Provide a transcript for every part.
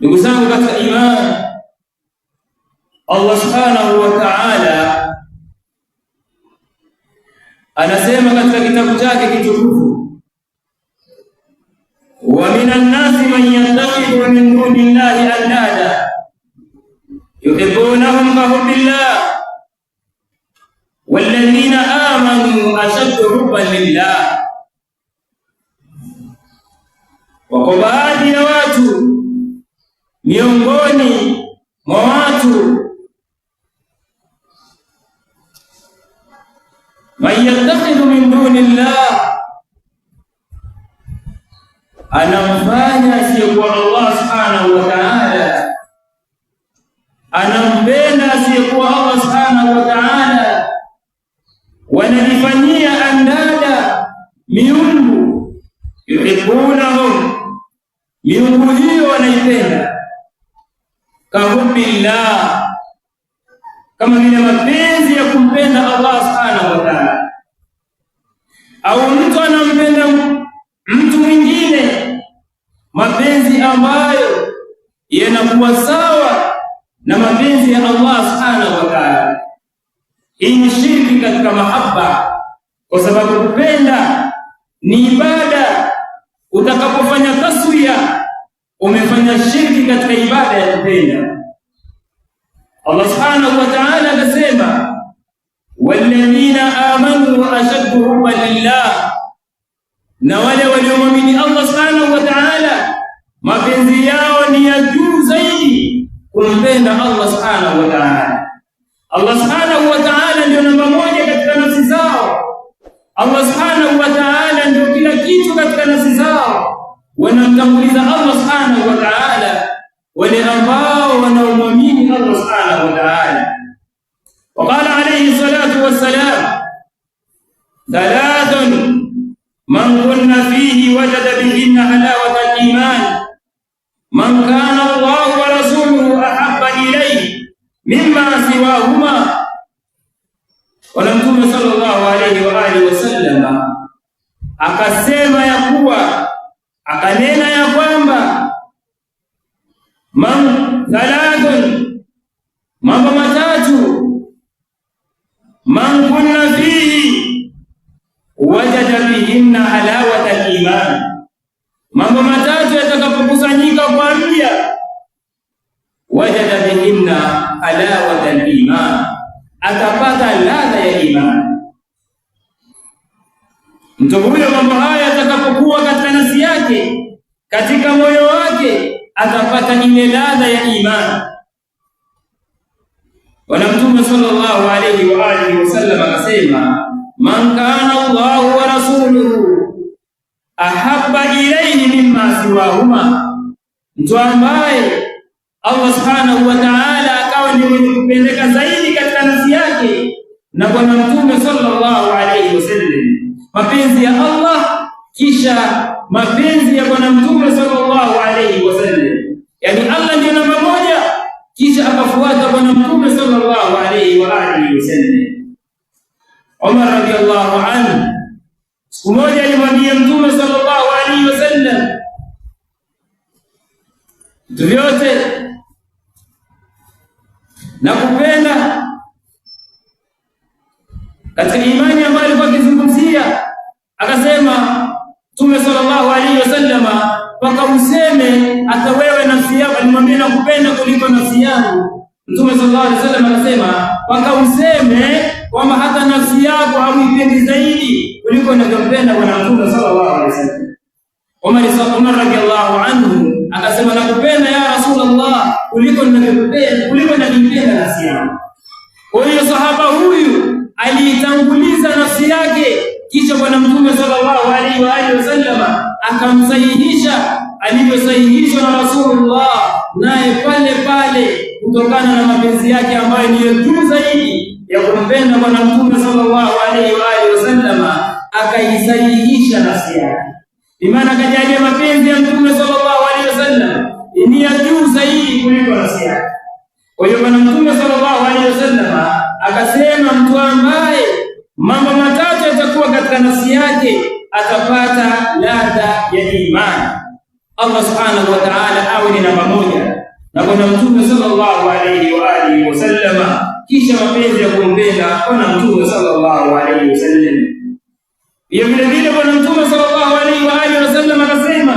Ndugu zangu katika imani, Allah subhanahu wa ta'ala anasema katika kitabu chake kitukufu, wa minan nasi man yattakhidhu min dunillahi andada yuhibbunahum kahubbillah walladhina amanu ashaddu hubban lillah, wako baadhi ya watu miongoni mwa watu man min duni llah, anamfanya asiyekuwa Allah subhanahu wa ta'ala, anampenda asiyekuwa Allah subhanahu wa ta'ala, wanajifanyia andada miungu yuhibbunahum, miungu hiyo wanaipenda billah, kama vile mapenzi ya kumpenda Allah subhanahu wa ta'ala, au mtu anampenda mtu mwingine mapenzi ambayo yanakuwa sawa na mapenzi ya Allah subhanahu wa ta'ala. Hii ni shirki katika mahaba, kwa sababu kupenda ni ibada. Utakapofanya taswiya, umefanya shirki katika ibada ya kupenda. Allah subhanahu wa ta'ala anasema walladhina amanu wa ashaddu hubban lillah, na wale waliomwamini Allah subhanahu wa ta'ala mapenzi yao ni ya juu zaidi kumpenda Allah subhanahu wa ta'ala. Allah subhanahu wa ta'ala ndio namba moja katika nafsi zao. Allah subhanahu wa ta'ala ndio kila kitu katika nafsi zao, wanamtanguliza Allah subhanahu wa ta'ala wale ambao wanaomwamini Allah subhanahu wa ta'ala. Waqala alayhi salatu wassalam, thalathun man kunna fihi wajada bihinna halawata al-iman man kana Allah wa rasuluhu ahabba ilayhi mimma siwahuma. Wala Mtume sallallahu alayhi wa alihi wasallam akasema ya kuwa, akanena ya kwamba man thalathun, mambo matatu. Man kunna fihi wajada bihinna halawata al-iman, mambo matatu yatakapokusanyika kwa mja wajada bihinna halawata al-iman, atapata ladha ya iman Mtu huyo mambo haya yatakapokuwa katika nafsi yake, katika moyo wake atapata ile ladha ya imani. Bwana Mtume sallallahu alayhi wa alihi wasallam akasema, man kana Allahu wa rasuluhu ahabba ilayhi mimma siwahuma, mtu ambaye Allah subhanahu wa ta'ala akawa ni mwenye kupendeka zaidi katika nafsi yake na Bwana Mtume sallallahu alayhi wasallam, mapenzi ya Allah kisha mapenzi ya Bwana Mtume sallallahu alaihi wasallam, yaani Allah ndiyo namba moja, kisha akafuata Bwana Mtume sallallahu alaihi wa alihi wasallam. Omar radhiallahu anhu siku moja alimwambia Mtume sallallahu alaihi wasallam, vitu vyote nakupenda hata wewe nafsi yako, alimwambia nakupenda kuliko nafsi yangu. Mtume sallallahu alaihi wasallam anasema useme kwamba hata nafsi yako hamuipendi zaidi kuliko unavyompenda Bwana Mtume sallallahu alaihi wasallam. Umar radhiallahu anhu akasema nakupenda ya Rasulullah kuliko ninavyopenda kuliko ninavyopenda nafsi yangu. Kwa hiyo sahaba huyu aliitanguliza nafsi yake, kisha Bwana Mtume sallallahu alaihi wa alihi wasallam akamsahihisha alivyosahihishwa na Rasulullah, naye pale pale kutokana na mapenzi yake ambayo ni juu zaidi ya kumpenda Bwana Mtume sallallahu alaihi wa alihi wasallama, akaisahihisha nafsi yake, maana akajalia mapenzi ya Mtume sallallahu alaihi wasallam ni ya juu zaidi kuliko nafsi yake. Kwa hiyo Bwana Mtume sallallahu alaihi wasallam akasema, mtu ambaye mambo matatu yatakuwa katika nafsi yake atapata ladha ya imani. Allah subhanahu wa ta'ala awe ni namba moja na bwana Mtume sallallahu alayhi wa alihi wasallama, kisha mapenzi ya kumpenda bwana Mtume sallallahu alayhi wasallam. Hiyo vile vile bwana Mtume sallallahu alayhi wa alihi wasallam akasema,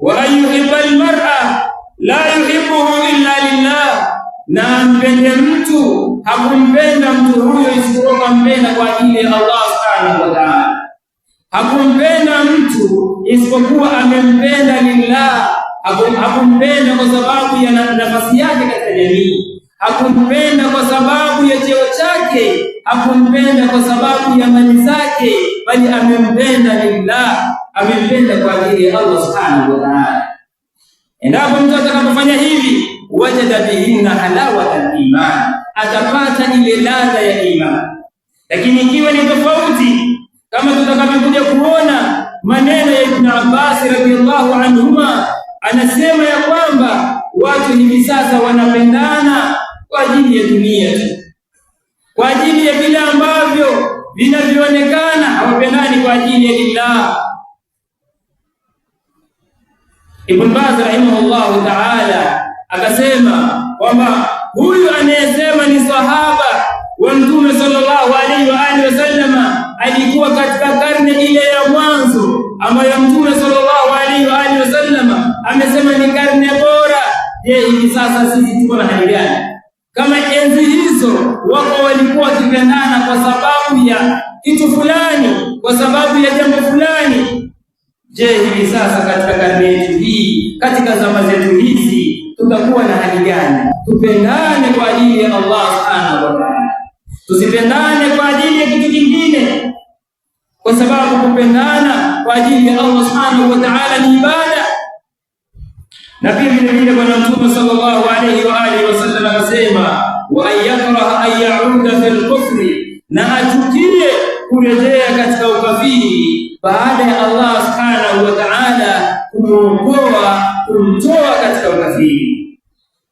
wa ayuhibba almar'a la yuhibbuhu illa lillah, na ampende mtu hakumpenda mtu huyo isipokuwa mpenda kwa ajili ya Allah subhanahu wa ta'ala hakumpenda mtu isipokuwa amempenda lillah. Hakumpenda kwa sababu ya nafasi yake katika jamii, hakumpenda kwa sababu ya cheo chake, hakumpenda kwa sababu ya mali zake, bali amempenda lillah, amempenda kwa ajili ya Allah subhanahu wa ta'ala. Endapo mtu atakapofanya hivi, wajada bihinna halawata iman, atapata ile ladha ya imani. Lakini ikiwa ni tofauti kama tutakavyokuja kuona maneno ya Ibn Abbas radhiallahu anhuma, anasema ya kwamba watu hivi sasa wanapendana kwa ajili ya dunia tu, kwa ajili ya vile ambavyo vinavyoonekana, hawapendani kwa ajili ya lillah. Ibn Baz rahimahullahu ta'ala akasema kwamba huyu anayesema ni sahaba wa Mtume sallallahu alaihi wa alihi wasallam alikuwa katika karne ile ya mwanzo ambayo Mtume sallallahu alaihi wa alihi wasallam amesema ni karne bora. Je, hivi sasa sisi tuko na hali gani? Kama enzi hizo wako walikuwa wakipendana kwa sababu ya kitu fulani, kwa sababu ya jambo fulani, je, hivi sasa katika karne yetu hii, katika zama zetu hizi tutakuwa na hali gani? Tupendane kwa ajili ya Allah subhanahu wa ta'ala, tusipendane kwa ajili ya kwa sababu kupendana kwa ajili ya Allah subhanahu wa ta'ala ni ibada. Na pia vile vile Bwana Mtume sallallahu alayhi wa alihi wasallam anasema wa ayakraha an yauda fil kufri, na achukie kurejea katika ukafiri baada ya Allah subhanahu wa ta'ala kumwokoa kumtoa katika ukafiri.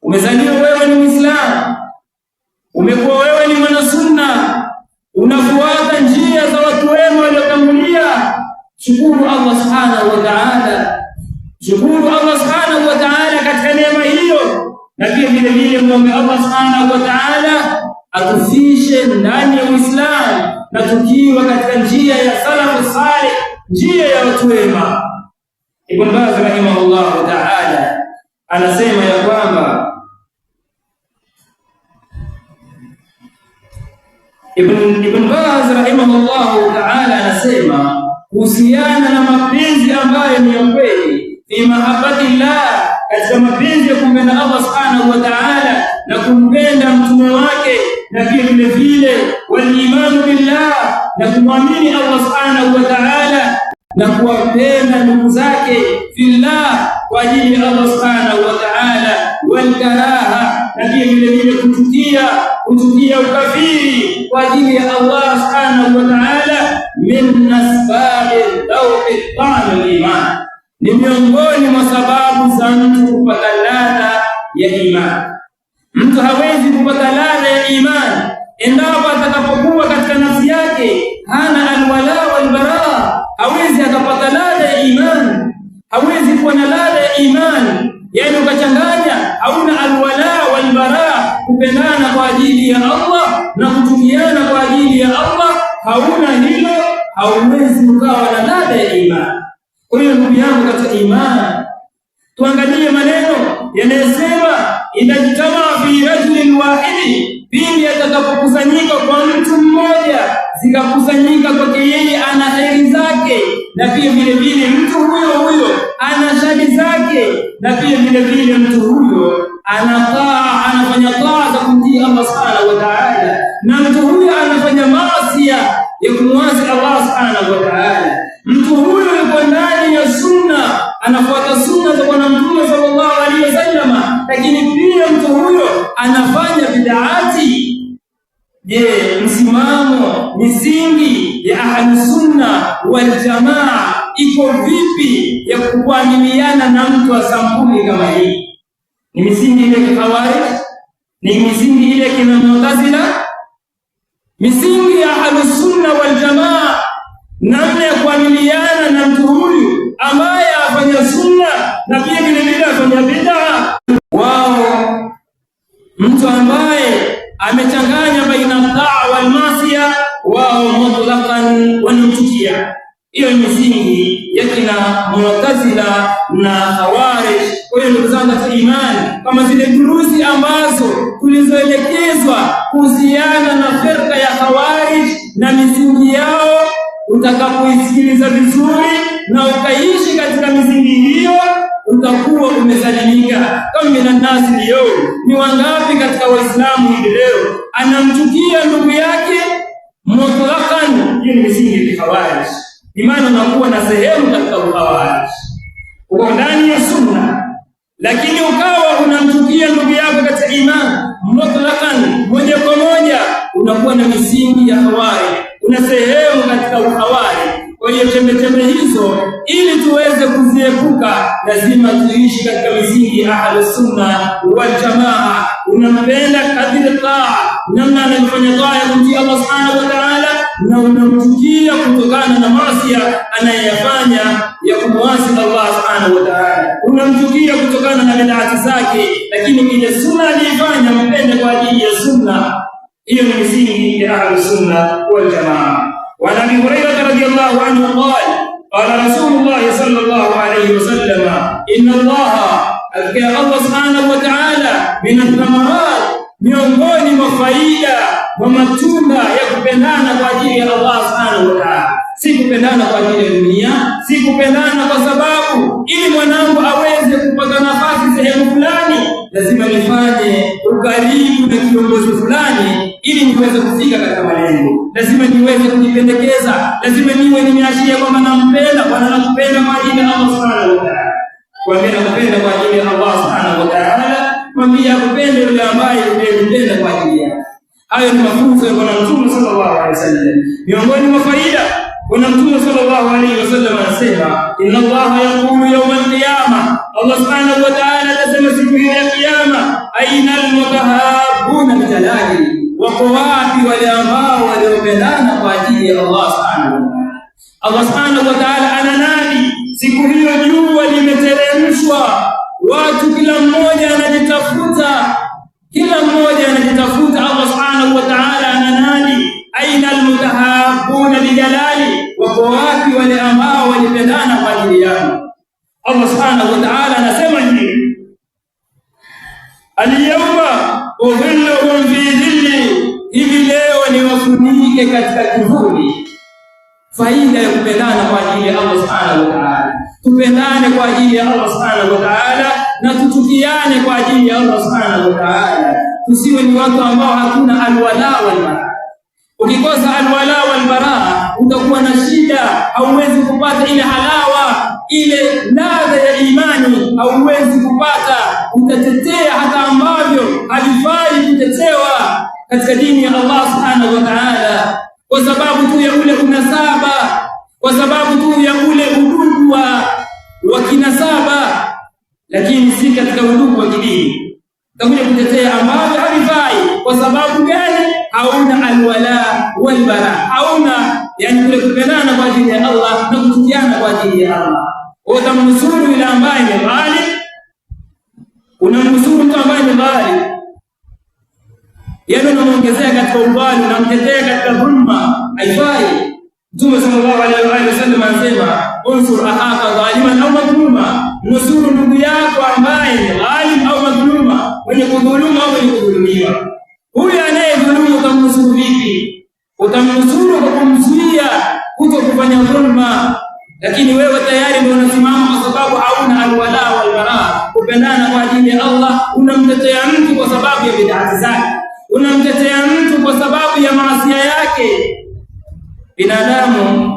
Umezaliwa wewe ni Muislamu, umekuwa wewe ni mwanasunna, unafuata Shukuru Allah subhanahu wa ta'ala, shukuru Allah subhanahu wa ta'ala katika neema hiyo, na pia vile vile muombe Allah subhanahu wa ta'ala atufishe ndani ya Uislamu na tukiwa katika njia ya salafu salih, njia ya watu wema. Ibn Baz rahimahullah ta'ala anasema ya kwamba Ibn Ibn Baz rahimahullah ta'ala anasema kuhusiana na mapenzi ambayo ni ya kweli, fi mahabbatillah, katika mapenzi ya kumpenda Allah subhanahu wa ta'ala na kumpenda mtume wake, na pia vile vile walimanu billah, na kumwamini Allah subhanahu wa ta'ala na kuwapenda ndugu zake fillah, kwa ajili ya Allah subhanahu wa ta'ala, walkaraha, na pia vile vile kuchukia kuchukia ukafiri kwa ajili ya Allah subhanahu wa ta'ala min asbabi dhauki tamu liman, ni miongoni mwa sababu za mtu kupata ladha ya imani. Mtu hawezi kupata ladha ya imani endapo atakapokuwa katika nafsi yake hana alwala walbaraa, hawezi akapata ladha ya imani, hawezi kuwa na ladha ya imani. yaani ukachanganya, hauna alwala walbaraa, kupendana kwa ajili ya Allah na kutumiana kwa ajili ya Allah hauna hilo, hauwezi ukawa na ladha ya imani. Kwa hiyo ndugu yangu katika imani, tuangalie maneno yanayosema inajitama fi rajulin wahidi, pindi atakapokusanyika kwa mtu mmoja zikakusanyika kwake yeye, ana heri zake na pia vile vile mtu huyo huyo ana shari zake, na pia vile vile mtu huyo anakaa anafanya taa za kumtii Allah subhanahu wa ta'ala, na mtu huyo lakini pia mtu huyo anafanya bidaati. Je, msimamo misingi ya ahlusunna waljamaa iko vipi ya kuaminiana na mtu wa sampuli kama hii? Ni misingi ile kikhawarij? Ni misingi ile kina Mu'tazila? Misingi ya ahlusunna waljamaa, namna ya kuaminiana na mtu huyu ambaye afanya sunna na pia mtu ambaye amechanganya baina taa wal masia wao mutlaqan wanamchukia. Hiyo misingi ya kina Mu'tazila na Khawarij. Kwa hiyo ndugu zangu katika imani, kama zile durusi ambazo tulizoelekezwa kuhusiana na firka ya Khawarij na misingi yao, utakapoisikiliza vizuri na ukaishi katika misingi hiyo utakuwa umesalimika Kama minannasi leo, ni wangapi katika Waislamu hivi leo anamchukia ndugu yake mutlakan? Hiyo ni misingi ya Khawarij, imani unakuwa na sehemu katika Khawarij, uko ndani ya Sunna lakini ukawa unamchukia ndugu yako katika imani mutlakan, moja kwa moja unakuwa na misingi ya Khawarij, una sehemu katika Khawarij kwenye chembechembe hizo, ili tuweze kuziepuka, lazima tuishi katika misingi ahlu sunna waljamaa jamaa. Unampenda kadiri taa, namna anavyofanya taa ya kumtii Allah subhanahu wa ta'ala, na unamchukia kutokana na masia anayeyafanya ya kumwasi Allah subhanahu wa ta'ala, unamchukia kutokana na bidaati zake, lakini ile sunna aliyefanya mpende kwa ajili ya sunna. Hiyo ni misingi ya ahlu sunna jamaa. وعن ابي هريره رضي الله عنه قال قال رسول الله صلى الله عليه وسلم ان الله أبكى الله سبحانه وتعالى من الثمرات miongoni mwa faida wa matunda ya kupendana kwa ajili ya Allah subhanahu wa ta'ala, si kupendana kwa ajili ya dunia, si kupendana kwa sababu ili mwanangu aweze kupata nafasi sehemu fulani lazima nifanye ukaribu na kiongozi fulani ili niweze kufika katika malengo, lazima niweze kujipendekeza, lazima niwe nimeashiria kwamba nampenda Bwana, nakupenda kwa ajili ya Allah subhanahu wa ta'ala. Kwambia nakupenda kwa ajili ya Allah subhanahu wa ta'ala, kwambia akupende yule ambaye unampenda kwa ajili yake. Hayo ni mafunzo ya Bwana Mtume sallallahu alaihi wasallam. Miongoni mwa faida, Bwana Mtume sallallahu alaihi wasallam anasema, inna Allah yaqulu yawm al-qiyama, Allah subhanahu wa ta'ala atasema siku ya kiyama, aina al-mutahabuna wako wapi wale ambao waliopendana kwa ajili ya Allah subhanahu wa ta'ala? Allah subhanahu wa ta'ala ana nani? Siku hiyo jua limeteremshwa, watu kila mmoja anajitafuta, kila mmoja anajitafuta. Allah subhanahu wa ta'ala ana nani? Aina almutahabuna bijalali, wako wapi wale ambao walipendana kwa ajili yake? Allah subhanahu wa ta'ala anasema hivi, alyawma uhilluhum fi dhilli tutumike katika kivuli faida ya kupendana kwa ajili ya Allah subhanahu wa ta'ala. Tupendane kwa ajili ya Allah subhanahu wa ta'ala na tuchukiane kwa ajili ya Allah subhanahu wa ta'ala. Tusiwe ni watu ambao hakuna alwala walbara. Ukikosa alwala walbara, utakuwa na shida, hauwezi kupata ile halawa, ile ladha ya imani hauwezi kupata, utatetea hata ambavyo halifai kutetewa katika dini ya Allah subhanahu wa ta'ala, kwa sababu tu ya ule unasaba, kwa sababu tu ya ule udugu wa kinasaba, lakini si katika udugu wa kidini. Takuja kutetea ambavyo havifai. Kwa sababu gani? Hauna alwala walbara, hauna yani kule kupendana kwa ajili ya Allah na kuchukiana kwa ajili ya Allah. Utamnusuru yule ambaye ni dhali, unamnusuru mtu ambaye ni dhali yale anamwongezea katika umbali, anamtetea katika dhulma, haifai. Mtume sallallahu alaihi wasallam anasema unsur ahaka dhaliman au madhluma, nusuru ndugu yako ambaye ni dhalim au madhluma, mwenye kudhuluma au mwenye kudhulumiwa. Huyu anayedhulumu utamnusuru vipi? Utamnusuru kwa kumzuia kuto kufanya dhulma, lakini wewe tayari ndio unasimama kwa sababu hauna alwala walbara, kupendana kwa ajili ya Allah, unamtetea mtu kwa sababu ya bid'ah unamtetea mtu kwa sababu ya maasia yake. Binadamu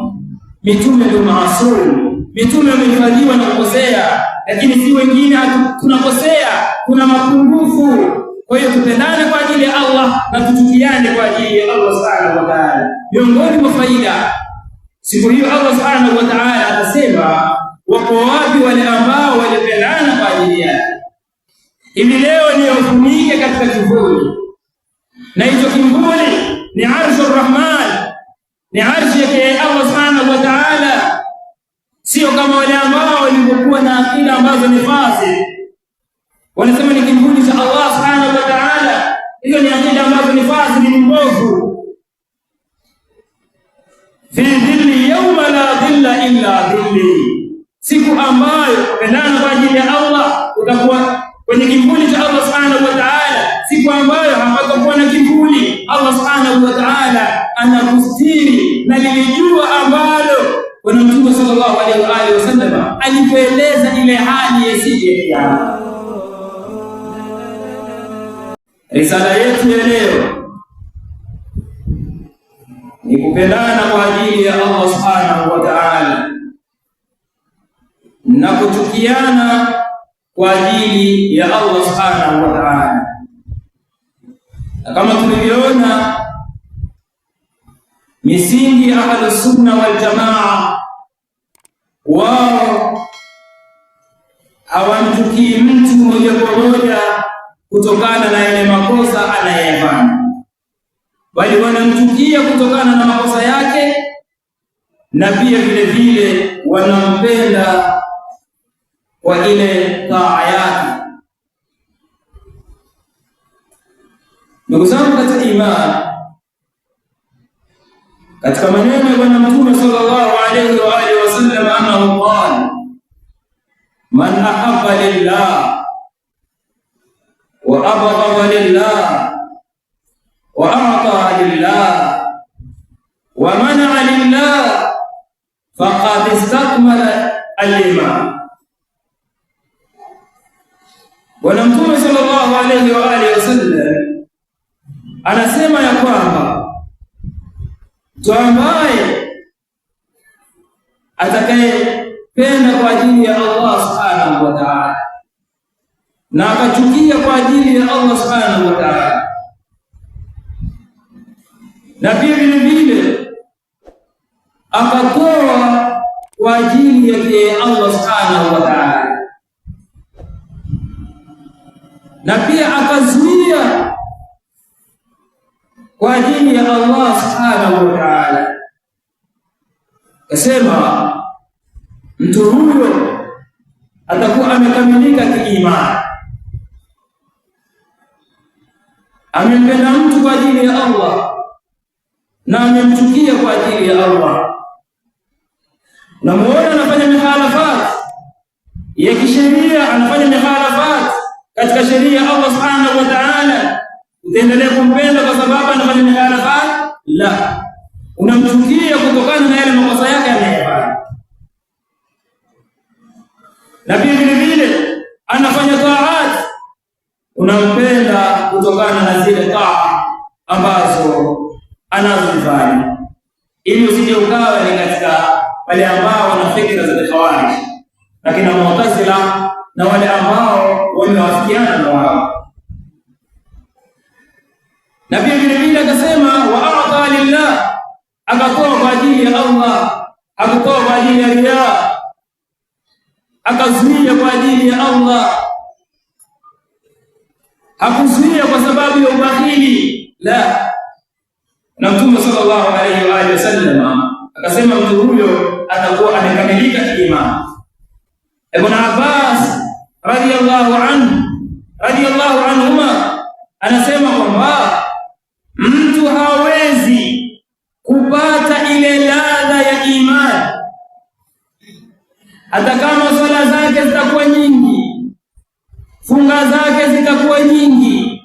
mitume ndio maasumu, mitume wamehifadhiwa na kukosea, lakini si wengine tunakosea, kuna mapungufu. Kwa hiyo tupendane kwa ajili ya Allah na tutukiane kwa ajili ya Allah subhanahu wa ta'ala. Miongoni mwa faida siku hiyo Allah subhanahu wa ta'ala atasema, wako wapi wale ambao walipendana kwa ajili yake? Hivi leo niyofunike katika kivuli na hicho kivuli ni arshu Rahman, ni arshi yake Allah subhanahu wa ta'ala, sio kama wale ambao walivyokuwa na akida ambazo ni fasi, wanasema ni kivuli cha Allah subhanahu wa ta'ala. Hiyo ni akida ambazo ni fasi, ni mbovu. fi dhilli yawma la dhilla illa dhilli, siku ambayo kupendana kwa ajili ya Allah utakuwa kwenye kivuli cha Allah subhanahu wa ta'ala siku subhanahu wa ta'ala anamstiri na lilijua ambalo Bwana Mtume sallallahu alaihi wa alihi wasallam alipoeleza ile hali yasije ya risala yetu ya leo ni kupendana kwa ajili ya Allah subhanahu wa ta'ala na kuchukiana kwa ajili ya Allah subhanahu wa ta'ala na kama tulivyoona misingi ya Ahlusunna wal Jamaa, wao hawamtukii mtu moja kwa moja kutokana na yale makosa anayefanya, bali wanamtukia kutokana na makosa yake, na pia vile vile wanampenda kwa ile taa Ndugu zangu katika imani, katika maneno ya Bwana Mtume sallallahu alaihi wa alihi wasallam, annahu qala man ahabba lillah wa abghadha lillah wa a'ta lillah wa mana'a lillah faqad istakmala al-iman. Bwana Mtume sallallahu alaihi wa alihi wasallam anasema ya kwamba mtu ambaye atakayependa kwa ajili ya Allah subhanahu wa ta'ala na akachukia kwa ajili ya Allah subhanahu wa ta'ala, na pia vile vile akatoa kwa ajili yake Allah subhanahu wa ta'ala, na pia akazuia kwa ajili ya Allah subhanahu wa ta'ala. Kasema mtu huyo atakuwa amekamilika kiimani. Amempenda mtu kwa ajili ya Allah na amemchukia kwa ajili ya Allah. Namuona anafanya mukhalafat ya kisheria, anafanya mukhalafat katika sheria ya Allah subhanahu wa ta'ala Utaendelea kumpenda kwa sababu anafanya mihalafat? La, unamchukia kutokana na yale makosa yake anayofanya, na pia vile vile anafanya taat, unampenda kutokana na zile taa ambazo anazozifanya, ili usije ukawa ni katika wale ambao wana fikra za Khawarij, lakini Mu'tazila na wale ambao wamewafikiana na wao na pia vile vile akasema wa a'ta lillah, akatoa kwa ajili ya Allah, akatoa kwa ajili ya riya, akazuia kwa ajili ya Allah, hakuzuia kwa sababu ya ubakhili la. Na Mtume sallallahu alaihi wa alihi wasallam akasema mtu huyo atakuwa amekamilika kiimani. Ibn Abbas radiyallahu anhu radiyallahu anhuma anasema kwamba hawezi kupata ile ladha ya imani, hata kama swala zake zitakuwa nyingi, funga zake zitakuwa nyingi.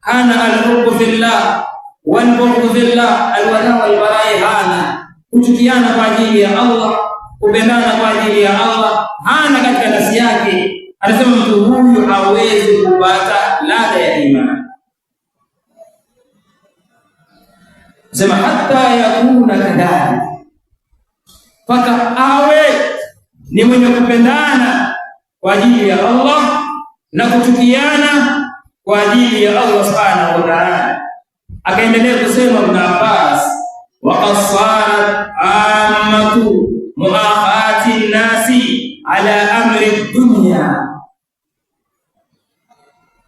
Hana alhubbu fillah walbughdhu fillah, alwala walbarai, hana kuchukiana kwa ajili ya Allah, kupendana kwa ajili ya Allah, hana katika nafsi yake. Anasema mtu huyu hawezi kupata ladha ya imani. sema hata yakuna kadari, mpaka awe ni mwenye kupendana kwa ajili ya Allah na kuchukiana kwa ajili ya Allah subhanahu wa ta'ala. Akaendelea kusema Ibn Abbas, waqad sarat ammatu muakhati nnasi ala amri dunya,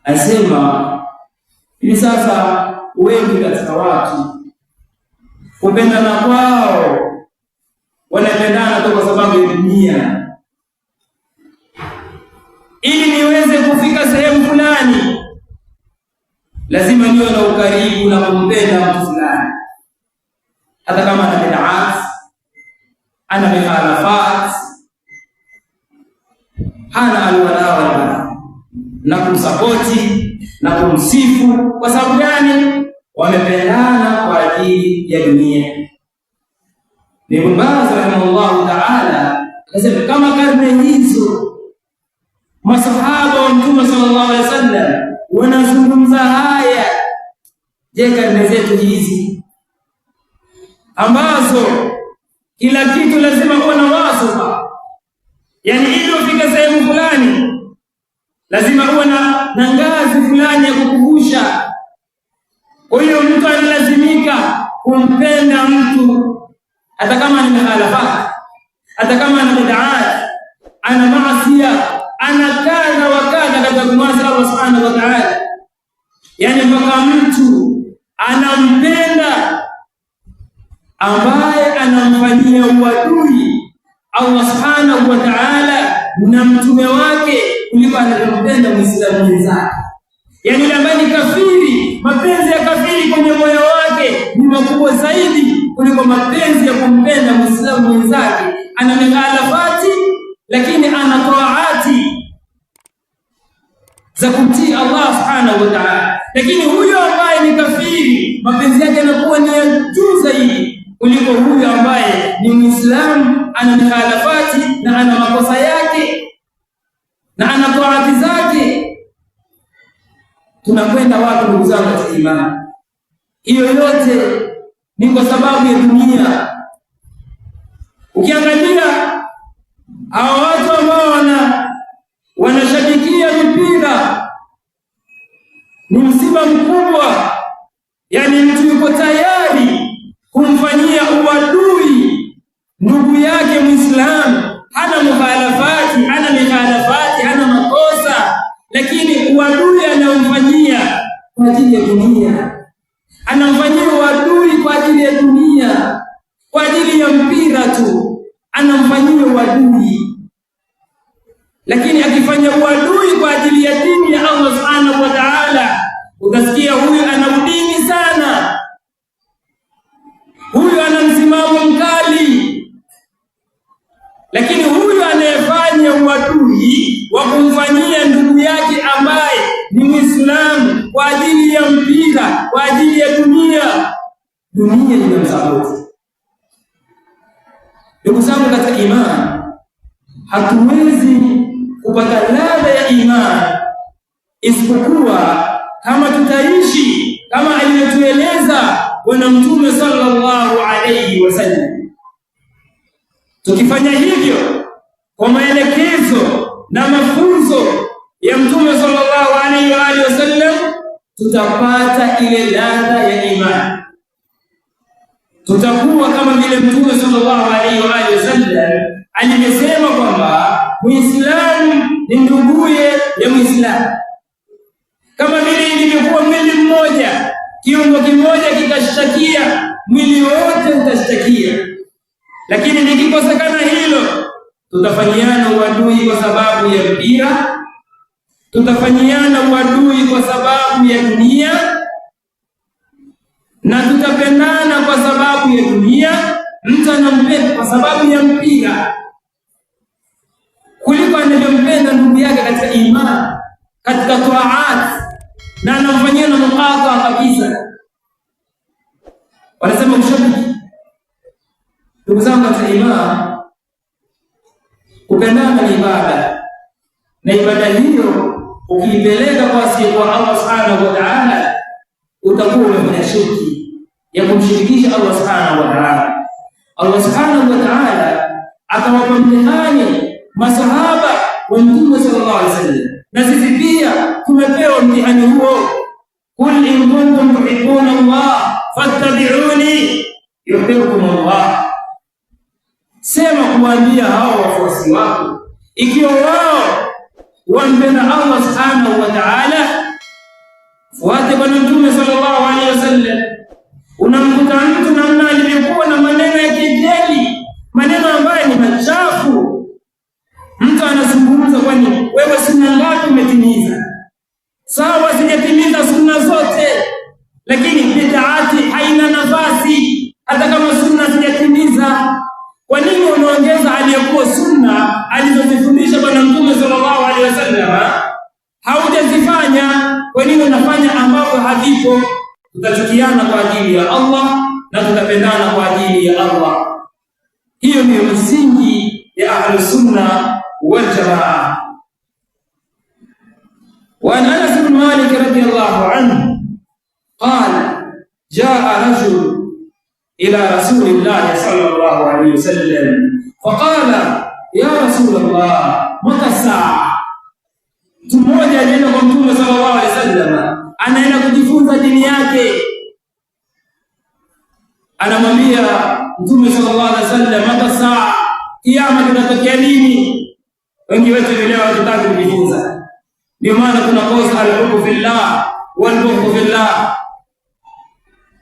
asema hivi sasa wengi katika watu kupendana kwao, wanapendana tu kwa sababu ya dunia. Ili niweze kufika sehemu fulani, lazima niwe na ukaribu na kumpenda mtu fulani, hata kama ana bidaat, ana mikhalafat, hana alwala na kumsapoti na kumsifu. Kwa sababu gani? wamependana kwa ajili ya dunia. Ibn Baz rahimahullahu taala nasema kama karne hizo masahaba wa Mtume sallallahu alaihi wasallam wanazungumza haya, je, karne zetu hizi ambazo kila kitu lazima kuwa na wasifa, yaani ili ufike sehemu fulani lazima uwe na ngazi fulani ya kukuvusha kwa hiyo mtu alilazimika kumpenda mtu hata kama ni mukhalafat, hata kama ni bidaat, ana maasia, ana kadha wa kadha katika kumwasi Allah subhanahu wa ta'ala, Yani mpaka mtu anampenda ambaye anamfanyia uadui Allah subhanahu wa ta'ala na mtume wake kuliko anavyompenda mwislamu mwenzake, yani ambaye ni kafiri Mapenzi ya kafiri kwenye moyo wake ni makubwa zaidi kuliko mapenzi ya kumpenda Muislamu mwenzake. Ana mukhalafati, lakini ana taati za kumtii Allah subhanahu wa ta'ala. Lakini huyo ambaye ni kafiri, mapenzi yake yanakuwa ni ya juu zaidi kuliko huyo ambaye ni Muislamu, ana mukhalafati na ana makosa yake na ana taati zake Tunakwenda wapi ndugu zangu katika imani? Hiyo yote ni kwa sababu ya dunia. Ukiangalia hawa watu ambao wana wanashabikia mipira ni msiba mkubwa, yaani mtu yuko tayari kumfanyia uadui ndugu yake Muislamu. dunia, anamfanyia uadui kwa ajili ya dunia, kwa ajili ya mpira tu anamfanyia uadui. Lakini akifanya uadui kwa ajili ya dini ya Allah subhanahu wa ta'ala, utasikia huyu ana udini sana, huyu ana msimamo mkali. Lakini huyu anayefanya uadui wa kumfanyia ndugu yake ambaye ni Muislamu kwa ajili ya mpira, kwa ajili ya dunia. Dunia inamsapoti. Ndugu zangu katika imani, hatuwezi kupata ladha ya imani isipokuwa kama tutaishi kama alivyotueleza Bwana Mtume sallallahu alayhi wasallam. Tukifanya hivyo kwa maelekezo na mafunzo tutapata ile ladha ya imani, tutakuwa kama vile Mtume sallallahu alaihi wa alihi wasallam alivyosema kwamba Muislamu ni nduguye ya Muislamu, kama vile ilivyokuwa mwili mmoja, kiungo kimoja kikashtakia, mwili wote utashtakia. Lakini nikikosekana hilo, tutafanyiana uadui kwa sababu ya mpira tutafanyiana uadui kwa sababu ya dunia na tutapendana kwa sababu ya dunia. Mtu anampenda kwa sababu ya mpira kuliko anavyompenda ndugu yake katika imani, katika taat, na anamfanyia na mukata kabisa. Wanasema ushabiki, ndugu zangu katika imani, kupendana ni ibada na ibada hiyo Ukiipeleka basi kwa Allah subhanahu wa ta'ala, utakuwa umefanya shirki ya kumshirikisha Allah subhanahu wa ta'ala. Allah subhanahu wa ta'ala akawapa mtihani masahaba wa Mtume sallallahu alaihi wasallam, na sisi pia tumepewa mtihani huo. Qul in kuntum tuhibbuna Allah fattabi'uni yuhibbukum Allah, sema kuwaambia hao wafuasi wako, ikiwa wao uampe na Allah subhanahu wa ta'ala, fuate bwana Mtume sallallahu alaihi wasallam. Unamkuta mtu namna alivyokuwa na maneno ya kejeli, maneno ambayo ni machafu, mtu anazungumza, kwani wewe sunna ngapi umetimiza? Sawa, sijatimiza sunna zote, lakini bid'ati وعن انس بن مالك رضي الله عنه قال جاء رجل الى رسول الله صلى الله عليه وسلم فقال يا رسول الله متى الساعه تموجه لنا قمتم صلى الله عليه وسلم انا هنا كتفوز دنياك انا مليا قمتم صلى الله عليه وسلم متى الساعه قيامه تتكلمي وانجبتني لها وتتكلمي بفوزك Ndio maana tunakosa alhubbu fillah walbughdhu fillah,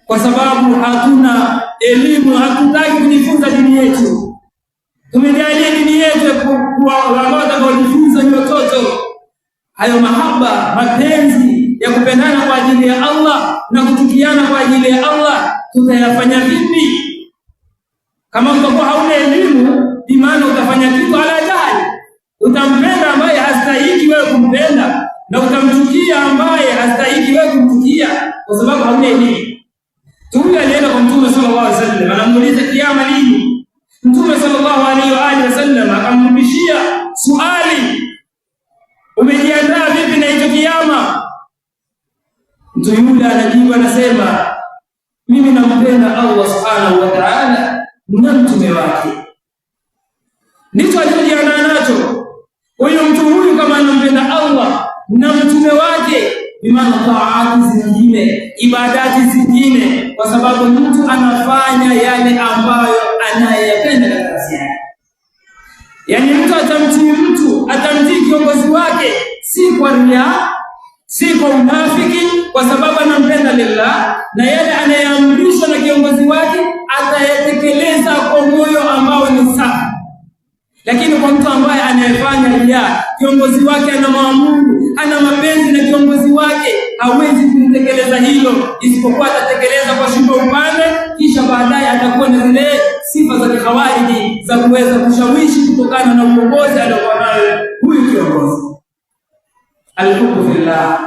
kwa sababu hatuna elimu, hatutaki kujifunza dini yetu. Tumejalia dini yetu kujifunza ni watoto, hayo mahaba, mapenzi ya kupendana kwa ajili ya Allah na kutukiana kwa ajili ya Allah, tutayafanya vipi kama utakuwa hauna elimu? Imani utafanya kitu ala Utampenda ambaye hastahiki wewe kumpenda na utamchukia ambaye hastahiki wewe kumchukia, kwa sababu hamna elimu. Huyu alienda kwa Mtume sallallahu alaihi wasallam, anamuuliza kiama lini? Mtume sallallahu alaihi wa alihi wasallam akamrudishia swali, umejiandaa vipi na hicho kiama? Mtu yule anajibu anasema, mimi nampenda Allah subhanahu wa ta'ala na mtume wake, ndicho alichojiandaa nacho bimaana taati zingine, ibadati zingine, kwa sababu mtu anafanya yale ambayo anayependa kazi yake. Yaani mtu atamtii mtu atamtii kiongozi wake, si kwa ria, si kwa unafiki, kwa sababu anampenda lillah, na yale anayeamrishwa na kiongozi wake atayatekeleza kwa moyo ambao ni safi. Lakini kwa mtu ambaye anayefanya riaa, kiongozi wake ana maamuru, ana mapenzi na kiongozi wake, hawezi kumtekeleza hilo, isipokuwa atatekeleza kwa shingo upande, kisha baadaye atakuwa na zile sifa za kikhawariji za kuweza kushawishi kutokana na uongozi aliokuwa nayo huyu kiongozi. Alhubu fillah,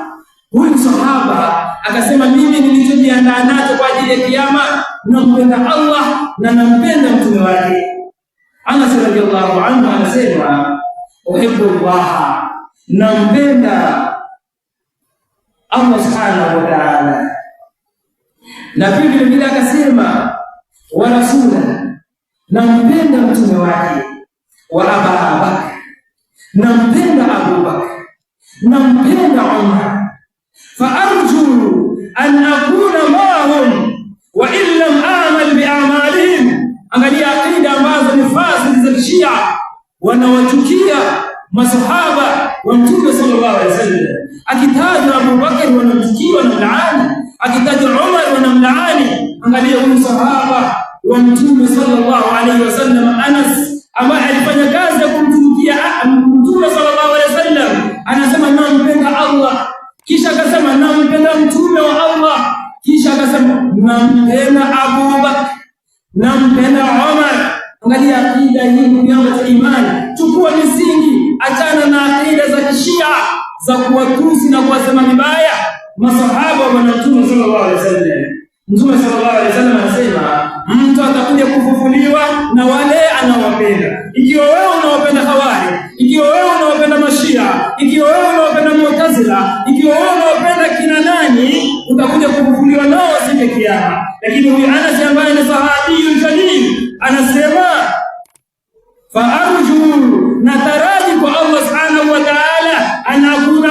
huyu sahaba akasema, mimi nilichojiandaa nacho kwa ajili ya Kiyama, nampenda Allah na nampenda mtume wake Anas radhiallahu anhu anasema uhibbu llaha, nampenda Allah subhanahu wa ta'ala, na pia vilevile akasema wa rasula, nampenda mtume wake, wa ababakar, nampenda Abubakar, nampenda Umar, fa arju an akuna mahum wanawachukia masahaba wa Mtume sallallahu alaihi wasallam. Akitajwa Abubakar wanamchukia, wanamlaani. Akitajwa Umar wanamlaani. Angalia huyu sahaba wa Mtume sallallahu alaihi wasallam, Anas, ambaye alifanya kazi ya kumtumikia Mtume sallallahu alaihi wasallam, anasema nampenda Allah, kisha akasema nampenda mtume wa Allah, kisha akasema nampenda Abubakar, nampenda Umar Angalia akida hii ndugu yangu imani, chukua misingi, achana na akida za kishia za kuwatusi na kuwasema vibaya masahaba wa Mtume sallallahu alaihi wasallam. Mtume sallallahu alaihi wasallam anasema mtu atakuja kufufuliwa na wale anawapenda. Ikiwa wewe unawapenda Hawari, ikiwa wewe unawapenda Mashia, ikiwa wewe unawapenda Mu'tazila, ikiwa wewe unawapenda kina nani utakuja kukufuliwa nao siku ya Kiyama. Lakini huyu Anas ambaye ni sahabiyu jamil anasema faarju, nataraji kwa Allah subhanahu wa ta'ala, an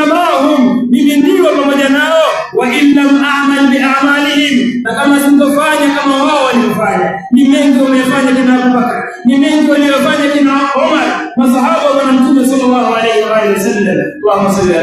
mahum, mimi ndiwa pamoja nao, wa in lam amal bi amalihim, na kama sintofanya kama wao waliofanya. Ni mengi wamefanya kina Abubakar, ni mengi waliofanya kina Umar, masahaba wa Mtume sallallahu alaihi wa alihi Allahumma salli